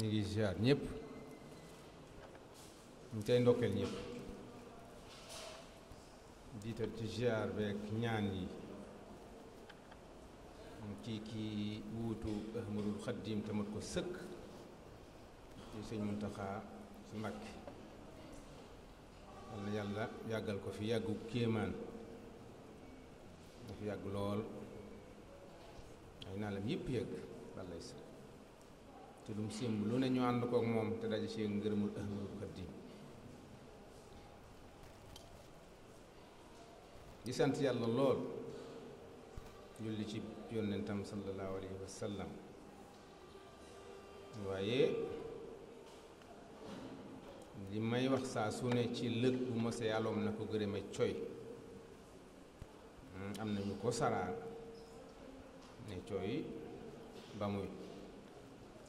ñu ngi ziar ñépp ñu tey ndokkeel ñëpp diital ci ziar beeg ñaan yi ci kii wuutu Ahmadul Xaddim te mat ko sëkk ci sëñ Muntaxaa ci Mbàkke walla yàlla yàggal ko fi yàggu kéemaan dafa yàgg lool ay naalam yépp yëgg te lu mu sémb lu ne ñu ànd kook moom te daje ci ngërëmul ahmadul xadim di sant yàlla lool julli ci yónnentam sallallahu alayhi wa waaye li may wax saa su ne ci lëg bu mose yàlloom na ko gërëme coy hmm, am na ñu ko saraan ne coy ba muy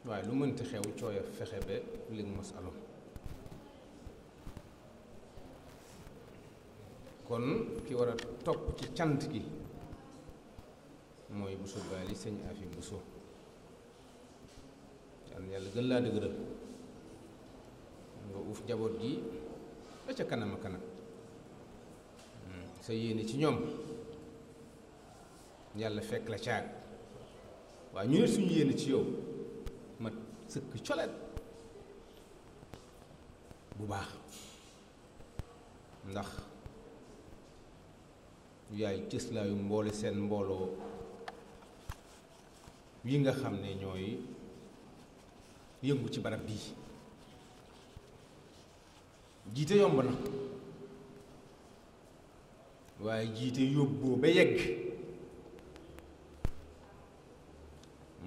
waaye lu mënti xew cooya fexe ba li mos aloon kon ki war a topp ci cant gi mooy busu baali sëñ afi busu yal na yàlla gën laa dëgëral nga uuf jaboot gi ba ca kanam a kanam sa yéene ci ñoom yàlla fekk la caag waaye ñu ne suñu yéene ci yow sëkk coleet bu baax ndax yaay cëslaayu mboole seen mbooloo yi nga xam ne ñooy yëngu ci barab bii jiite yomb na waaye jiite yóbboo ba yegg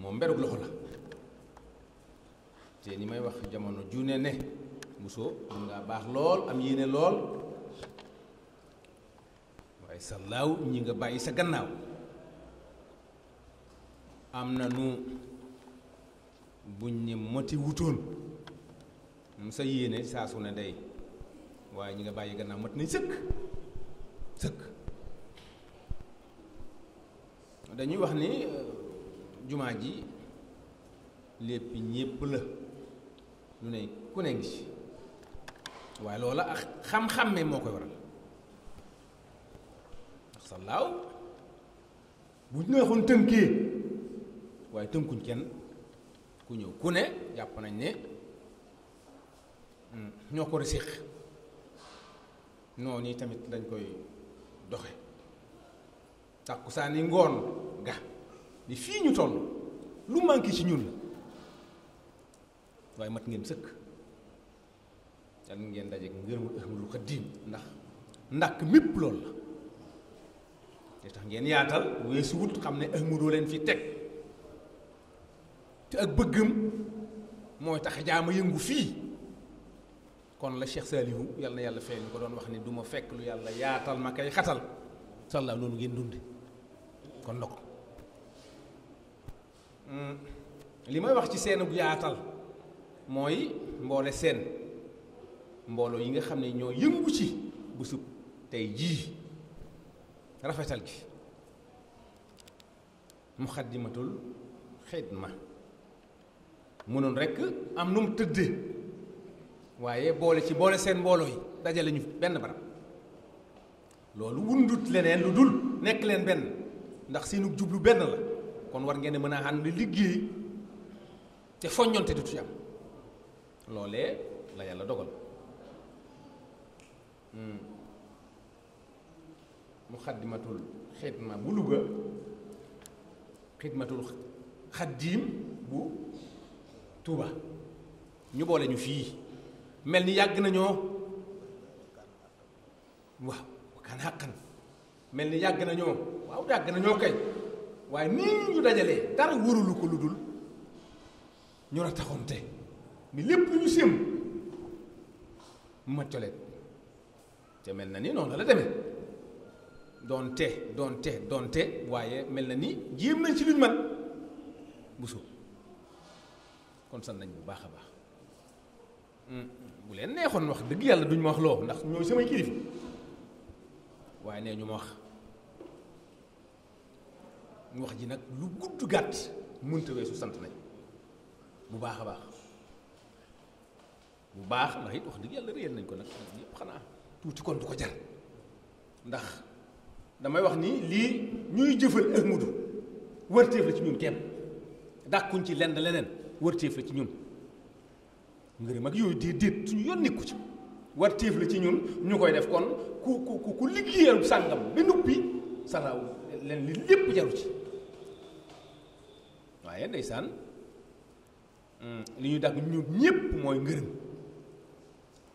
moom mberug loxo la te ni may wax jamono juune ne Bousso mun ngaa baax lool am yéene lool waaye sa laaw ñi nga bàyyi sa gannaaw am na nu buñ ñi moti mu sa yéene saa su ne day waaye ñi nga bàyyi gannaaw mat nañ sëkk sëkk dañuy wax ni euh, jumaa ji lépp ñépp la lu ne ku ne ngi waaye loola ak xam-xamme moo koy waral ndax sa laaw bu neexoon tënkee waaye tënkuñ kenn ku ñëw ku ne jàpp nañ ne hmm, ñoo ko risiq noonu yi tamit lañ koy doxe tàkkusaani ngoon ga ni fii ñu toll lu manqué ci ñun waaye mat ngeen sëkk yal ngeen dajeek ngërëmul Ahmadul Xaadim ndax ndàkk mépp loolu la te tax ngeen yaatal weesu xam ne Ahmadoo leen fi teg te ak bëggam mooy tax jaama yëngu fii kon la Cheikh Saliou yal na yàlla fay ñu ko doon wax ni du ma fekk lu yàlla yaatal ma kay xatal sàllaa loolu ngeen dunde kon na hmm, li may wax ci seen yaatal mooy mboole seen mbooloo yi nga xam ne ñoo yëngu ci bu tey jii rafetal gi muxaddimatul ma mënoon rekk am nu mu tëdde waaye boole ci boole seen mbooloo yi dajale ñu benn barab loolu wundut leneen lu dul nekk leen benn ndax seenu jublu benn la kon war ngeen mën a ànd liggéey te foññonte du ci am loole la yàlla dogal hmm. muxaddimatul xidma bu Louga xidmatul xaddiim bu tuuba ñu boole ñu fii mel ni yàgg nañoo waaw kan mel ni yàgg nañoo waaw yàgg nañoo kay waaye nii ñu dajalee dara wërulu ko lu dul ñu la taxoonte mi lépp lu ñu séem ma coleet te mel na ni noonu la demee doonte doonte doonte waaye mel na ni jéem nañ ci luñ man bu soo kon sant nañ bu baax a baax hmm, bu leen neexoon wax dëgg yàlla duñ ma wax loo ndax ñooy samay kilif waaye nee ñu ma wax wax ji nag lu gudd gàtt mënta weesu sant nañ bu baax a baax bu baax ma it wax dëgg yàlla réyal nañ ko nag yëpp xanaa tuuti kon du ko jar ndax damay wax ni lii ñuy jëfal ak mudu wërteef la ci ñun kenn dàkkuñ ci lenn leneen wërteef la ci ñun ngërëm ak yooyu déet déet suñu yoon nekku ci wërteef la ci ñun ñu koy def kon ku ku ku liggéeyal sàngam ba nuppi saraaw leen li lépp jaru ci waaye ndeysaan mm, li ñuy dàkk ñun ñëpp mooy ngërëm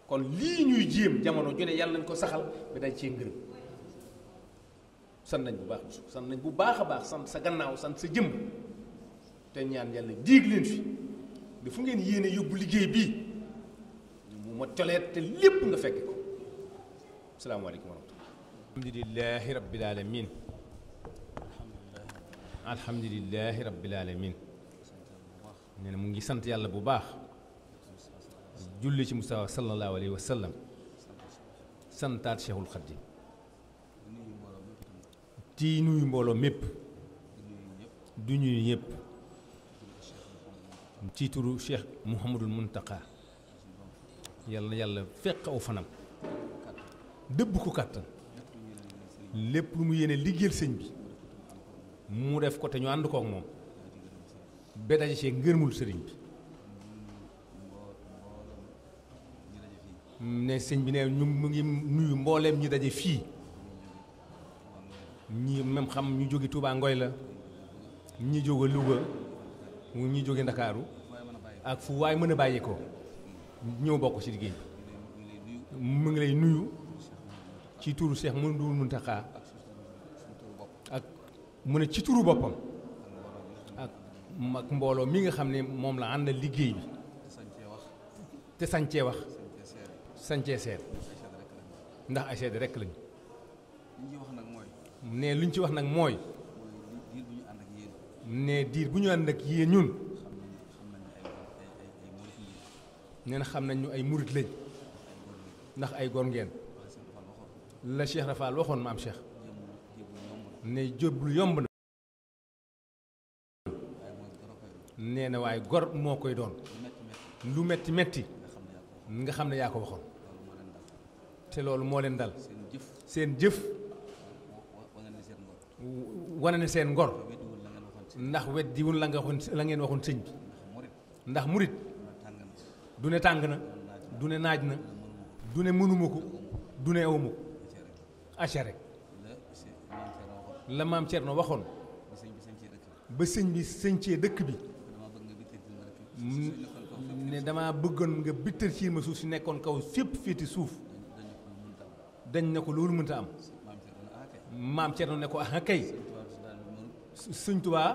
kon lii ñuy jéem jamono ju ne yàlla nañ ko saxal ba dañ cee ngërëm sant nañ bu baax sant nañ bu baax a baax sant sa gannaaw sant sa jëm te ñaan yàlla diig leen fi bi ngeen yéene yóbbu liggéey bi mu ma toleet te lépp nga fekk ko asalaamaaleykum wa rahmatullah alhamdulilahi rabbil alamin alhamdulilahi rabbil alamin nee na mu ngi sant yàlla bu baax julli ci Mustafa sallallahu alayhi wa sallam santaat Cheikhul Khadim di nuyu mbooloo mépp du ñuy ñëpp ci turu Cheikh Mouhamadul Muntaka yàlla yàlla fekk aw fanam dëbb ko kàttan lépp lu mu yéene liggéeyal sëñ bi mu def ko te ñu ànd kook moom ba see ngërmul sëriñ bi ne sëñ bi ne ñu mu ngi nuyu mbooleem ñu daje fii ñi même xam ñu jóge Touba Ngoy la ñi jóge Louga ñi jóge Ndakaaru ak fu waay mën a bàyyi ko ñëw bokk ci liggéey mu ngi lay nuyu ci turu Cheikh Mouhamadou Mountakha ak mu ne ci turu boppam ak ak mbooloo mi nga xam ne moom la ànd liggéey bi te sañcee wax sañcee seet ndax ay seede rek lañu ne lu ñu ci wax nag mooy ne diir bu ñu ànd ak yéen ñun nee na xam nañ ñu ay murit lañ ndax ay gor ngeen la Cheikh Rafal waxoon maam Cheikh ne jébbalu yomb na nee na waaye gor moo koy doon lu metti metti nga xam ne yaa ko waxoon te loolu moo leen dal seen jëf wane na seen ngor ndax weddiwul la nga la ngeen waxoon sëñ bi ndax murit du ne tàng na du ne naaj na du ne mënuma ko du ne awuma ko acca rek la maam Thierno waxoon ba sëñ bi sëñcee dëkk bi ne dama bëggoon nga bittal ci ma suuf si nekkoon kaw fépp féeti suuf dañ na ko loolu mënta am maam Cerno ne ko ah kay ah, sëñ Tuubaa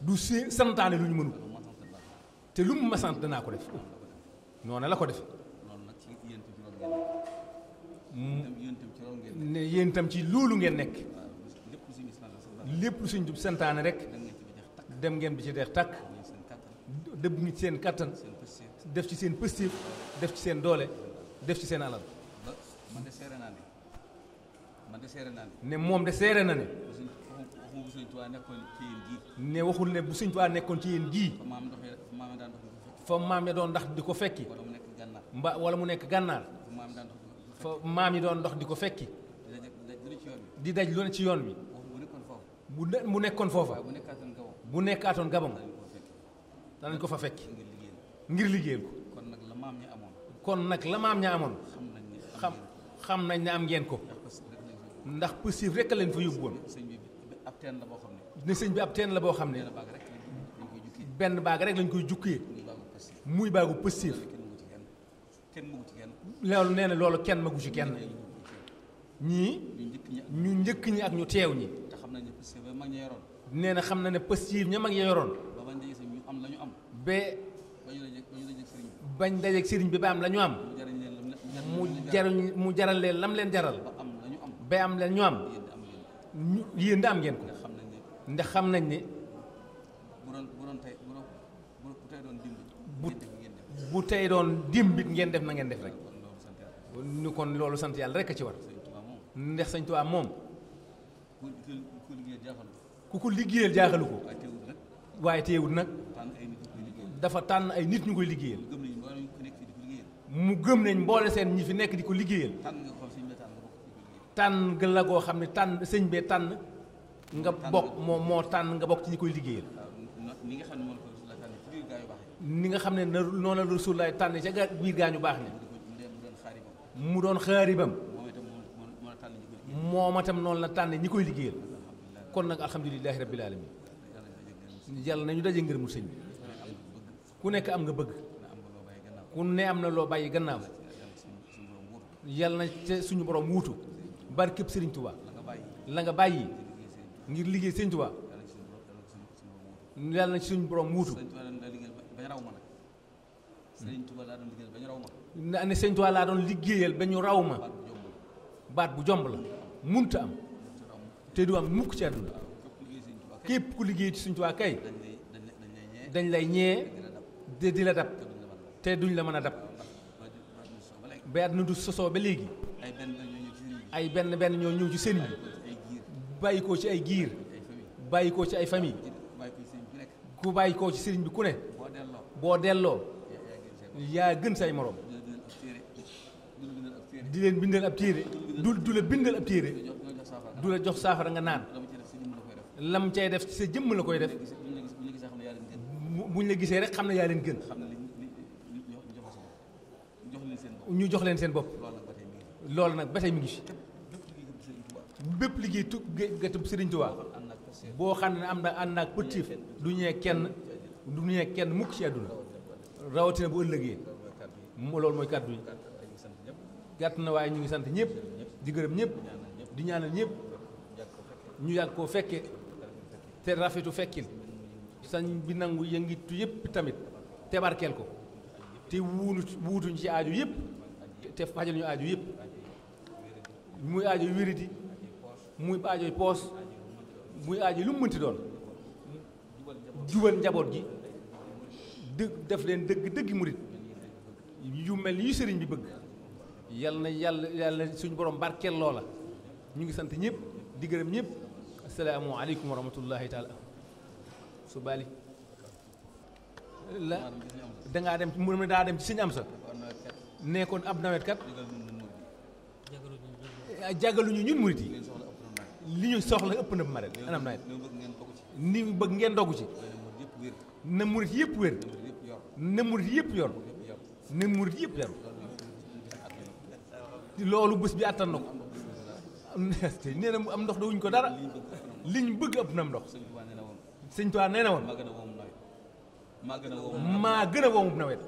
du si santaane lu ñu mënu te lu mu danaa ko def noona la ko def ne yéen itam ci loolu ngeen nekk lépp lu sëñ Tuubaa santaane rek dem ngeen bi ci deex tàkk dëbb ngi seen kattan def ci seen pëstéef def ci seen doole def ci seen alal man de seere naa ne. moom de seere na ne. ne waxul ne bu Sëñ Tuubaa nekkoon ci yéen jii. fa maam ya doon ndax di ko fekki. mba wala mu nekk gànnaar. fa maam yi doon ndox di ko fekki. di daj lu ne ci yoon bi. bu ne nekkoon foofa. bu nekkaatoon gabam. danañ ko fa fekki. ngir liggéeyal ko. kon nag la maam ña amoon. kon nag la maam ña amoon. xam nañ ne am ngeen ko ndax positif rek lañ fa yóbbu woon ne sëñ bi ab teen la boo xam ne benn baag rek lañ koy jukkee muy baagu positif loolu nee na loolu kenn magu ci kenn ñii ñu njëkk ñi ak ñu teew ñi nee na xam na ne positif ña mag ya yoroon ba bañ dajeeg sëriñ bi ba am la ñu am mu jaruñ mu jaral leen lam leen jaral ba am leen ñu am ñu yéen da am ngeen ko ndax xam nañ ne bu bu tey doon dimbit ngeen def na ngeen def rek ñu kon loolu sant yàlla rek a ci war ndax sëñ Tuubaa moom ku ko liggéeyal jaaxalu ko waaye téewut nag dafa tànn ay nit ñu koy liggéeyal mu gëm nañ mboole seen ñi fi nekk di ko liggéeyal. tànn nga la goo xam ne tànn sëñ bee tànn nga bokk moom moo tànn nga bokk ci ñi koy liggéeyal. ni nga xam ne ni nga xam ne noonu la Rasulullaay tànn ca biir gaa ñu baax ne mu doon xaaribam moom itam noonu la tànn ñi koy liggéeyal kon nag alhamdulilahi rabbil alamin yàlla nañu daje ngërëmu sëñ bi ku nekk am nga bëgg ku ne am na loo bàyyi gannaaw yal na ca suñu borom wuutu bari képp sëriñ Tuubaa la nga bàyyi ngir liggéey sëriñ Tuubaa yal na ci suñu borom wuutu na ne sëriñ Tuubaa laa doon liggéeyal ba ñu raw ma baat bu jomb la munta am te du am mukk ci àdduna képp ku liggéey ci suñu Tuubaa kay dañ lay ñee de di la dab te duñ la mën a dab ba at du sosoo ba léegi ay benn benn ñoo ñëw ci sëriñ bi bàyyi koo ci ay giir bàyyi koo ci ay famille ku bàyyi koo ci sëriñ bi ku ne boo delloo yaa gën say moroom di leen bindal ab téere du du la bindal ab téere du la jox saafara nga naan lam cay def ci sa jëmm la koy def buñ la gisee rek xam na yaa leen gën ñu jox leen seen bopp. loolu nag ba tey mi ngi si. bépp liggéey tu gëtub Sëriñ Tuubaa boo xam ne am na ànd naag pëtif du ñee kenn du ñee kenn mukk ci àdduna rawatina bu ëllëgee loolu mooy kàddu yi gàtt na waaye ñu ngi sant ñëpp di gërëm ñëpp di ñaanal ñëpp ñu yàgg ko fekke te rafetu fekkin sañ bi nangu yëngitu yëpp tamit te barkeel ko te wuunu wuutuñ ci aaju yëpp te fajal ñu aajo yëpp muy aajo wéridi muy aajoy poos muy aajo lu mu mënti doon jubal njaboot gi dëgg def leen dëgg dëgg murit yu mel yu sëriñ bi bëgg yal na yàlla yàlla na suñu borom barkeel loola ñu ngi sant ñëpp di gërëm ñëpp asalaamu aleykum wa rahmatullahi taala su bali la dangaa dem mu ne daa dem ci sëñ am sa nekkoon ab nawet kat jàggaluñu ñun murit yi li ñu soxla ëpp na bu marel anam nawet ni bëgg ngeen doggu ci na murit yëpp wér na murit yëpp yor na yëpp yor loolu bés bi àttan na ko nee na am ndox dawuñ ko dara li ñu bëgg ëpp na am ndox sëñ Tuubaa nee na woon maa gën a wow maa gën a wow mu nawet.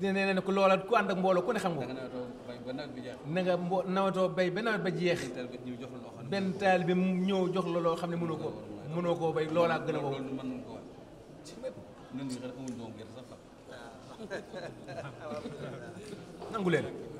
nee na ne ku loola ku ànd ak mbooloo ku ne xam nga. na nga mbo nawetoo bay ba nawet ba jeex. benn taal bi ñëw jox la loo xam ne mënoo ko mënoo koo bay loolaa gën a wow. nangu leen.